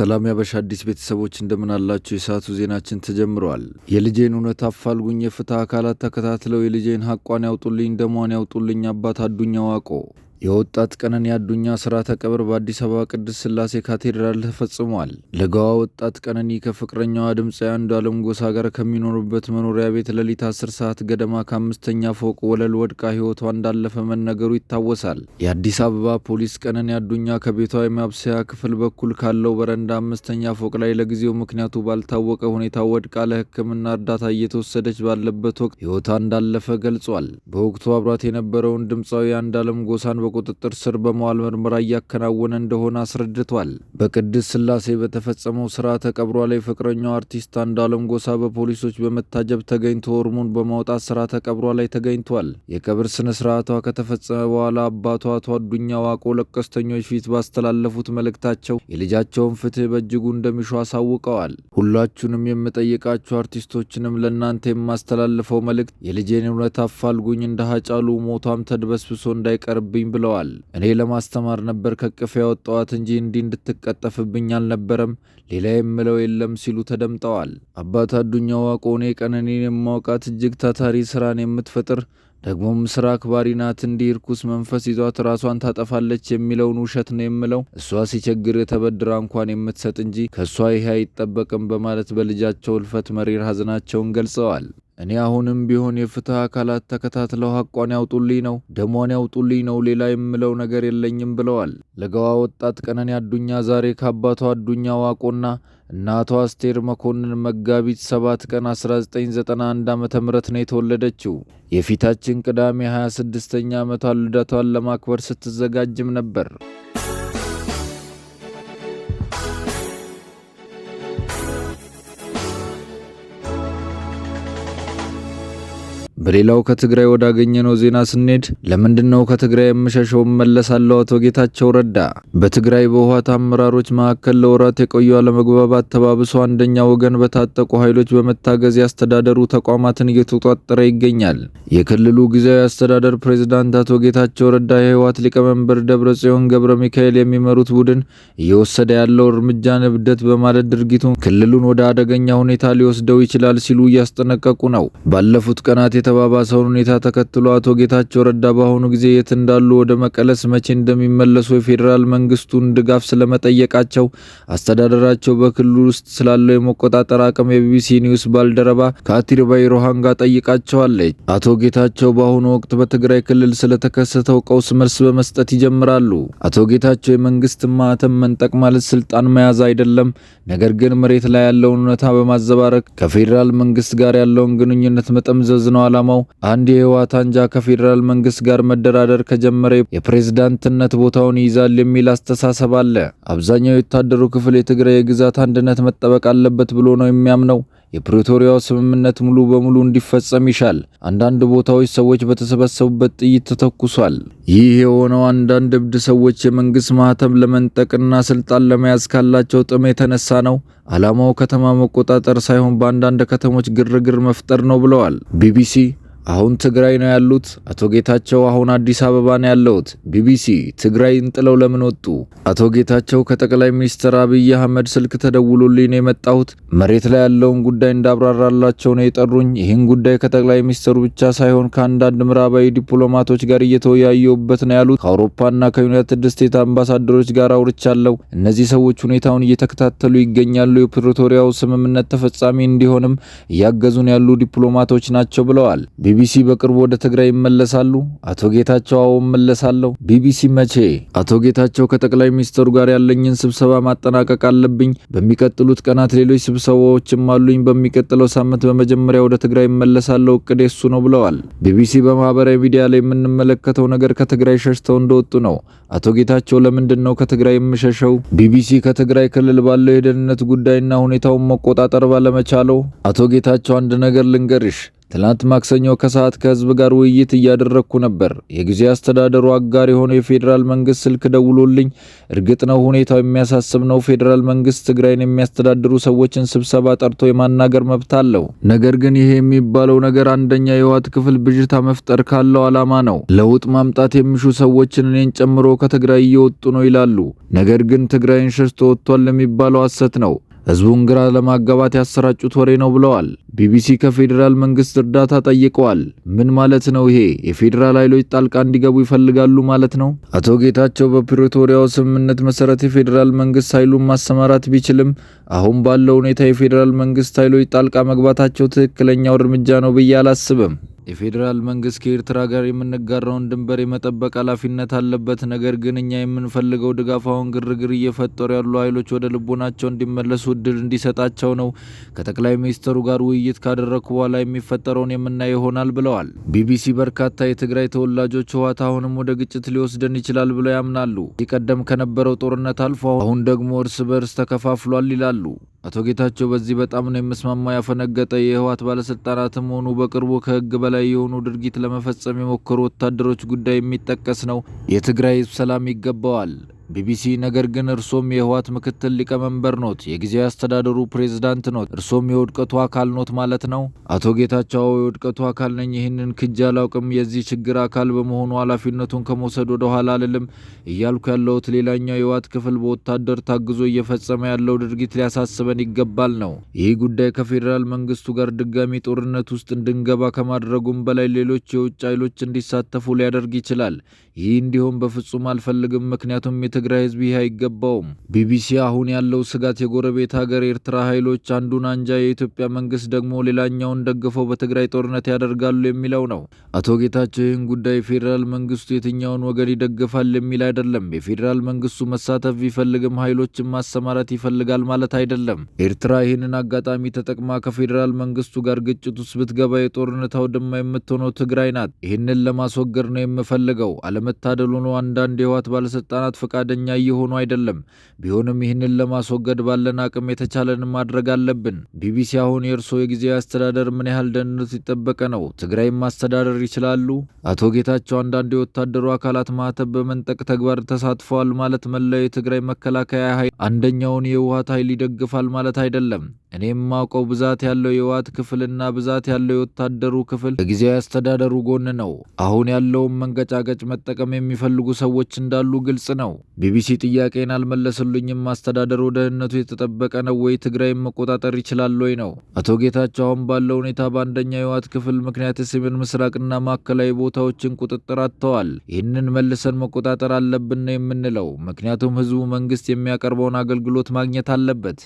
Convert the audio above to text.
ሰላም ያበሻ አዲስ ቤተሰቦች እንደምን አላችሁ? የሰዓቱ ዜናችን ተጀምረዋል። የልጄን እውነት አፋልጉኝ፣ የፍትህ አካላት ተከታትለው የልጄን ሀቋን ያውጡልኝ፣ ደሟን ያውጡልኝ። አባት አዱኛ ዋቆ የወጣት ቀነኒ አዱኛ ሥርዓተ ቀብር በአዲስ አበባ ቅድስት ስላሴ ካቴድራል ተፈጽሟል። ለጋዋ ወጣት ቀነኒ ከፍቅረኛዋ ድምፃዊ አንዱዓለም ጎሳ ጋር ከሚኖሩበት መኖሪያ ቤት ሌሊት 10 ሰዓት ገደማ ከአምስተኛ ፎቅ ወለል ወድቃ ሕይወቷ እንዳለፈ መነገሩ ይታወሳል። የአዲስ አበባ ፖሊስ ቀነኒ አዱኛ ከቤቷ የማብሰያ ክፍል በኩል ካለው በረንዳ አምስተኛ ፎቅ ላይ ለጊዜው ምክንያቱ ባልታወቀ ሁኔታ ወድቃ ለሕክምና እርዳታ እየተወሰደች ባለበት ወቅት ሕይወቷ እንዳለፈ ገልጿል። በወቅቱ አብሯት የነበረውን ድምፃዊ አንዱዓለም ጎሳን በቁጥጥር ስር በመዋል ምርመራ እያከናወነ እንደሆነ አስረድቷል። በቅድስት ስላሴ በተፈጸመው ስርዓተ ቀብሯ ላይ ፍቅረኛው አርቲስት አለም ጎሳ በፖሊሶች በመታጀብ ተገኝቶ ኦርሙን በማውጣት ስርዓተ ቀብሯ ላይ ተገኝቷል። የቀብር ስነ ስርዓቷ ከተፈጸመ በኋላ አባቷ አቶ አዱኛ ዋቆ ለቀስተኞች ፊት ባስተላለፉት መልእክታቸው የልጃቸውን ፍትህ በእጅጉ እንደሚሹ አሳውቀዋል። ሁላችሁንም የምጠይቃችሁ አርቲስቶችንም ለእናንተ የማስተላልፈው መልእክት የልጄን እውነት አፋልጉኝ እንደ ሀጫሉ ሞቷም ተድበስብሶ እንዳይቀርብኝ ብለዋል። እኔ ለማስተማር ነበር ከቅፍ ያወጣዋት እንጂ እንዲህ እንድትቀጠፍብኝ አልነበረም፣ ሌላ የምለው የለም ሲሉ ተደምጠዋል። አባት አዱኛ ዋቆ እኔ ቀነኔን የማውቃት እጅግ ታታሪ ስራን የምትፈጥር ደግሞም ስራ አክባሪ ናት። እንዲህ እርኩስ መንፈስ ይዟት ራሷን ታጠፋለች የሚለውን ውሸት ነው የምለው። እሷ ሲቸግር የተበድራ እንኳን የምትሰጥ እንጂ ከእሷ ይህ አይጠበቅም በማለት በልጃቸው እልፈት መሪር ሀዘናቸውን ገልጸዋል። እኔ አሁንም ቢሆን የፍትህ አካላት ተከታትለው ሐቋን ያውጡልኝ ነው፣ ደሟን ያውጡልኝ ነው፣ ሌላ የምለው ነገር የለኝም ብለዋል። ለገዋ ወጣት ቀነኒ አዱኛ ዛሬ ከአባቷ አዱኛ ዋቆና እናቷ አስቴር መኮንን መጋቢት 7 ቀን 1991 ዓ ም ነው የተወለደችው። የፊታችን ቅዳሜ 26ኛ ዓመቷን ልደቷን ለማክበር ስትዘጋጅም ነበር። በሌላው ከትግራይ ወዳገኘነው ዜና ስንሄድ ለምንድነው ከትግራይ የምሸሸው እመለሳለሁ አቶ ጌታቸው ረዳ። በትግራይ በህወሓት አመራሮች መካከል ለወራት የቆዩ አለመግባባት ተባብሶ አንደኛ ወገን በታጠቁ ኃይሎች በመታገዝ ያስተዳደሩ ተቋማትን እየተጣጠረ ይገኛል። የክልሉ ጊዜያዊ አስተዳደር ፕሬዝዳንት አቶ ጌታቸው ረዳ የህወሓት ሊቀመንበር ደብረጽዮን ገብረ ሚካኤል የሚመሩት ቡድን እየወሰደ ያለው እርምጃን እብደት በማለት ድርጊቱን ክልሉን ወደ አደገኛ ሁኔታ ሊወስደው ይችላል ሲሉ እያስጠነቀቁ ነው። ባለፉት ቀናት የተባባሰውን ሁኔታ ተከትሎ አቶ ጌታቸው ረዳ በአሁኑ ጊዜ የት እንዳሉ፣ ወደ መቀለስ መቼ እንደሚመለሱ የፌዴራል መንግስቱን ድጋፍ ስለመጠየቃቸው አስተዳደራቸው በክልሉ ውስጥ ስላለው የመቆጣጠር አቅም የቢቢሲ ኒውስ ባልደረባ ከአቲርባይ ሮሃን ጋር ጠይቃቸዋለች። አቶ ጌታቸው በአሁኑ ወቅት በትግራይ ክልል ስለተከሰተው ቀውስ መልስ በመስጠት ይጀምራሉ። አቶ ጌታቸው የመንግስት ማህተም መንጠቅ ማለት ስልጣን መያዝ አይደለም፣ ነገር ግን መሬት ላይ ያለውን እውነታ በማዘባረቅ ከፌዴራል መንግስት ጋር ያለውን ግንኙነት መጠምዘዝ ነው ዓላማው አንድ የህወሓት አንጃ ከፌዴራል መንግስት ጋር መደራደር ከጀመረ የፕሬዝዳንትነት ቦታውን ይይዛል የሚል አስተሳሰብ አለ። አብዛኛው የወታደሩ ክፍል የትግራይ የግዛት አንድነት መጠበቅ አለበት ብሎ ነው የሚያምነው። የፕሪቶሪያው ስምምነት ሙሉ በሙሉ እንዲፈጸም ይሻል። አንዳንድ ቦታዎች ሰዎች በተሰበሰቡበት ጥይት ተተኩሷል። ይህ የሆነው አንዳንድ እብድ ሰዎች የመንግሥት ማኅተም ለመንጠቅና ስልጣን ለመያዝ ካላቸው ጥም የተነሳ ነው። ዓላማው ከተማ መቆጣጠር ሳይሆን በአንዳንድ ከተሞች ግርግር መፍጠር ነው ብለዋል ቢቢሲ አሁን ትግራይ ነው ያሉት? አቶ ጌታቸው አሁን አዲስ አበባ ነው ያለሁት። ቢቢሲ ትግራይን ጥለው ለምን ወጡ? አቶ ጌታቸው ከጠቅላይ ሚኒስትር አብይ አህመድ ስልክ ተደውሎልኝ ነው የመጣሁት። መሬት ላይ ያለውን ጉዳይ እንዳብራራላቸው ነው የጠሩኝ። ይህን ጉዳይ ከጠቅላይ ሚኒስትሩ ብቻ ሳይሆን ከአንዳንድ ምዕራባዊ ዲፕሎማቶች ጋር እየተወያየሁበት ነው ያሉት። ከአውሮፓና ከዩናይትድ ስቴትስ አምባሳደሮች ጋር አውርቻለሁ። እነዚህ ሰዎች ሁኔታውን እየተከታተሉ ይገኛሉ። የፕሪቶሪያው ስምምነት ተፈጻሚ እንዲሆንም እያገዙን ያሉ ዲፕሎማቶች ናቸው ብለዋል። ቢቢሲ በቅርቡ ወደ ትግራይ ይመለሳሉ? አቶ ጌታቸው አዎ እመለሳለሁ። ቢቢሲ መቼ? አቶ ጌታቸው ከጠቅላይ ሚኒስትሩ ጋር ያለኝን ስብሰባ ማጠናቀቅ አለብኝ። በሚቀጥሉት ቀናት ሌሎች ስብሰባዎችም አሉኝ። በሚቀጥለው ሳምንት በመጀመሪያ ወደ ትግራይ ይመለሳለሁ። እቅዴ እሱ ነው ብለዋል። ቢቢሲ በማህበራዊ ሚዲያ ላይ የምንመለከተው ነገር ከትግራይ ሸሽተው እንደወጡ ነው። አቶ ጌታቸው ለምንድን ነው ከትግራይ የምሸሸው? ቢቢሲ ከትግራይ ክልል ባለው የደህንነት ጉዳይና ሁኔታውን መቆጣጠር ባለመቻለው አቶ ጌታቸው አንድ ነገር ልንገርሽ ትላንት ማክሰኞ ከሰዓት ከህዝብ ጋር ውይይት እያደረግኩ ነበር። የጊዜ አስተዳደሩ አጋር የሆነው የፌዴራል መንግስት ስልክ ደውሎልኝ፣ እርግጥ ነው ሁኔታው የሚያሳስብ ነው። ፌዴራል መንግስት ትግራይን የሚያስተዳድሩ ሰዎችን ስብሰባ ጠርቶ የማናገር መብት አለው። ነገር ግን ይሄ የሚባለው ነገር አንደኛ የህወሓት ክፍል ብዥታ መፍጠር ካለው ዓላማ ነው። ለውጥ ማምጣት የሚሹ ሰዎችን እኔን ጨምሮ ከትግራይ እየወጡ ነው ይላሉ። ነገር ግን ትግራይን ሸሽቶ ወጥቷል ለሚባለው ሐሰት ነው። ህዝቡን ግራ ለማጋባት ያሰራጩት ወሬ ነው ብለዋል። ቢቢሲ ከፌዴራል መንግስት እርዳታ ጠይቀዋል። ምን ማለት ነው ይሄ? የፌዴራል ኃይሎች ጣልቃ እንዲገቡ ይፈልጋሉ ማለት ነው? አቶ ጌታቸው በፕሪቶሪያው ስምምነት መሰረት የፌዴራል መንግስት ኃይሉን ማሰማራት ቢችልም አሁን ባለው ሁኔታ የፌዴራል መንግስት ኃይሎች ጣልቃ መግባታቸው ትክክለኛው እርምጃ ነው ብዬ አላስብም። የፌዴራል መንግስት ከኤርትራ ጋር የምንጋራውን ድንበር የመጠበቅ ኃላፊነት አለበት። ነገር ግን እኛ የምንፈልገው ድጋፍ አሁን ግርግር እየፈጠሩ ያሉ ኃይሎች ወደ ልቦናቸው እንዲመለሱ እድል እንዲሰጣቸው ነው። ከጠቅላይ ሚኒስትሩ ጋር ውይይት ካደረግኩ በኋላ የሚፈጠረውን የምናይ ይሆናል ብለዋል። ቢቢሲ በርካታ የትግራይ ተወላጆች ህወሓት አሁንም ወደ ግጭት ሊወስደን ይችላል ብለው ያምናሉ። ይቀደም ቀደም ከነበረው ጦርነት አልፎ አሁን ደግሞ እርስ በርስ ተከፋፍሏል ይላሉ። አቶ ጌታቸው በዚህ በጣም ነው የምስማማው። ያፈነገጠ የህወሓት ባለስልጣናትም ሆኑ በቅርቡ ከህግ በላይ የሆኑ ድርጊት ለመፈጸም የሞከሩ ወታደሮች ጉዳይ የሚጠቀስ ነው። የትግራይ ህዝብ ሰላም ይገባዋል። ቢቢሲ ነገር ግን እርሶም የህወሓት ምክትል ሊቀመንበር ኖት፣ የጊዜ አስተዳደሩ ፕሬዝዳንት ኖት፣ እርሶም የውድቀቱ አካል ኖት ማለት ነው? አቶ ጌታቸው የውድቀቱ አካል ነኝ፣ ይህንን ክጅ አላውቅም፣ የዚህ ችግር አካል በመሆኑ ኃላፊነቱን ከመውሰድ ወደ ኋላ አልልም እያልኩ ያለሁት ሌላኛው የህወሓት ክፍል በወታደር ታግዞ እየፈጸመ ያለው ድርጊት ሊያሳስበን ይገባል ነው። ይህ ጉዳይ ከፌዴራል መንግስቱ ጋር ድጋሚ ጦርነት ውስጥ እንድንገባ ከማድረጉም በላይ ሌሎች የውጭ ኃይሎች እንዲሳተፉ ሊያደርግ ይችላል። ይህ እንዲሆን በፍጹም አልፈልግም፣ ምክንያቱም የተ ትግራይ ህዝብ ይህ አይገባውም። ቢቢሲ አሁን ያለው ስጋት የጎረቤት ሀገር ኤርትራ ኃይሎች አንዱን አንጃ፣ የኢትዮጵያ መንግስት ደግሞ ሌላኛውን ደግፈው በትግራይ ጦርነት ያደርጋሉ የሚለው ነው። አቶ ጌታቸው ይህን ጉዳይ ፌዴራል መንግስቱ የትኛውን ወገን ይደግፋል የሚል አይደለም። የፌዴራል መንግስቱ መሳተፍ ቢፈልግም ኃይሎችን ማሰማራት ይፈልጋል ማለት አይደለም። ኤርትራ ይህንን አጋጣሚ ተጠቅማ ከፌዴራል መንግስቱ ጋር ግጭት ውስጥ ብትገባ የጦርነት አውድማ የምትሆነው ትግራይ ናት። ይህንን ለማስወገድ ነው የምፈልገው። አለመታደል ሆኖ አንዳንድ የህወሓት ባለስልጣናት ፍቃድ ፈቃደኛ እየሆኑ አይደለም። ቢሆንም ይህንን ለማስወገድ ባለን አቅም የተቻለን ማድረግ አለብን። ቢቢሲ አሁን የእርስዎ የጊዜያዊ አስተዳደር ምን ያህል ደህንነቱ የጠበቀ ነው? ትግራይም ማስተዳደር ይችላሉ? አቶ ጌታቸው አንዳንድ የወታደሩ አካላት ማህተብ በመንጠቅ ተግባር ተሳትፈዋል ማለት መለያው የትግራይ መከላከያ ኃይል አንደኛውን የህወሓት ኃይል ይደግፋል ማለት አይደለም። እኔ የማውቀው ብዛት ያለው የህወሓት ክፍልና ብዛት ያለው የወታደሩ ክፍል ከጊዜያዊ አስተዳደሩ ጎን ነው። አሁን ያለውን መንገጫገጭ መጠቀም የሚፈልጉ ሰዎች እንዳሉ ግልጽ ነው። ቢቢሲ ጥያቄን አልመለስልኝም። አስተዳደሩ ደህንነቱ የተጠበቀ ነው ወይ? ትግራይን መቆጣጠር ይችላል ወይ ነው። አቶ ጌታቸው አሁን ባለው ሁኔታ በአንደኛ የህወሓት ክፍል ምክንያት የሰሜን ምስራቅና ማዕከላዊ ቦታዎችን ቁጥጥር አጥተዋል። ይህንን መልሰን መቆጣጠር አለብን ነው የምንለው። ምክንያቱም ህዝቡ መንግስት የሚያቀርበውን አገልግሎት ማግኘት አለበት።